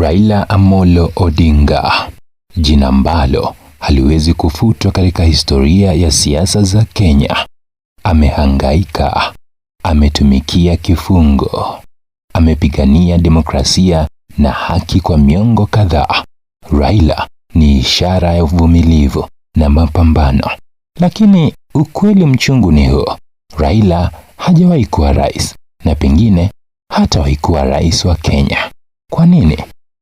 Raila Amolo Odinga, jina ambalo haliwezi kufutwa katika historia ya siasa za Kenya. Amehangaika, ametumikia kifungo, amepigania demokrasia na haki kwa miongo kadhaa. Raila ni ishara ya uvumilivu na mapambano. Lakini ukweli mchungu ni huo Raila hajawahi kuwa rais, na pengine hatawahi kuwa rais wa Kenya. Kwa nini?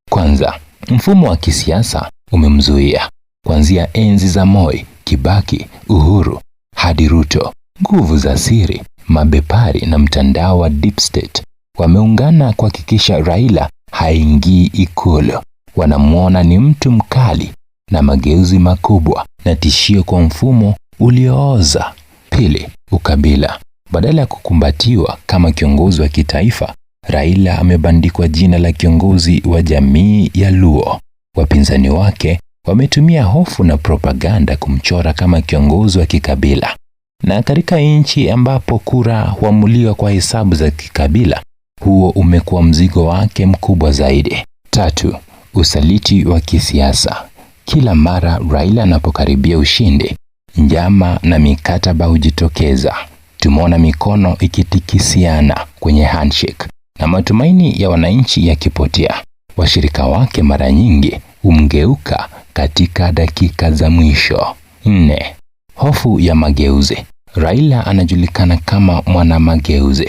Kwanza, mfumo wa kisiasa umemzuia kuanzia enzi za Moi, Kibaki, Uhuru hadi Ruto. Nguvu za siri, mabepari na mtandao wa deep state wameungana kuhakikisha Raila haingii Ikulu. Wanamwona ni mtu mkali na mageuzi makubwa na tishio kwa mfumo uliooza. Pili, ukabila. Badala ya kukumbatiwa kama kiongozi wa kitaifa, Raila amebandikwa jina la kiongozi wa jamii ya Luo. Wapinzani wake wametumia hofu na propaganda kumchora kama kiongozi wa kikabila. Na katika nchi ambapo kura huamuliwa kwa hesabu za kikabila, huo umekuwa mzigo wake mkubwa zaidi. Tatu, usaliti wa kisiasa. Kila mara Raila anapokaribia ushindi, njama na mikataba hujitokeza. Tumeona mikono ikitikisiana kwenye handshake na matumaini ya wananchi yakipotea, washirika wake mara nyingi humgeuka katika dakika za mwisho. Nne, hofu ya mageuzi. Raila anajulikana kama mwana mageuzi.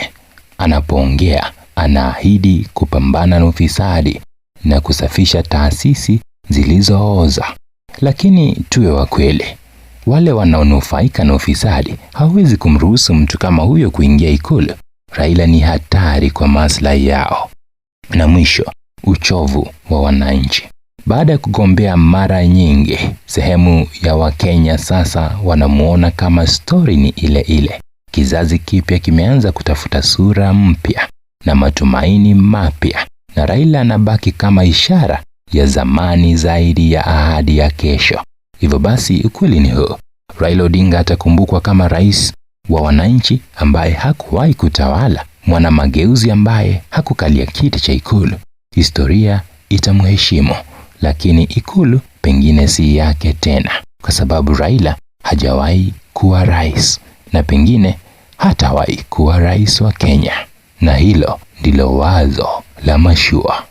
Anapoongea anaahidi kupambana na ufisadi na kusafisha taasisi zilizooza, lakini tuwe wa kweli, wale wanaonufaika na ufisadi hawawezi kumruhusu mtu kama huyo kuingia Ikulu. Raila ni hatari kwa maslahi yao. Na mwisho, uchovu wa wananchi. Baada ya kugombea mara nyingi, sehemu ya Wakenya sasa wanamuona kama stori ni ile ile. Kizazi kipya kimeanza kutafuta sura mpya na matumaini mapya, na Raila anabaki kama ishara ya zamani zaidi ya ahadi ya kesho. Hivyo basi, ukweli ni huu: Raila Odinga atakumbukwa kama rais wa wananchi ambaye hakuwahi kutawala, mwana mageuzi ambaye hakukalia kiti cha Ikulu. Historia itamheshimu, lakini Ikulu pengine si yake tena, kwa sababu Raila hajawahi kuwa rais na pengine hatawahi kuwa rais wa Kenya, na hilo ndilo wazo la mashua.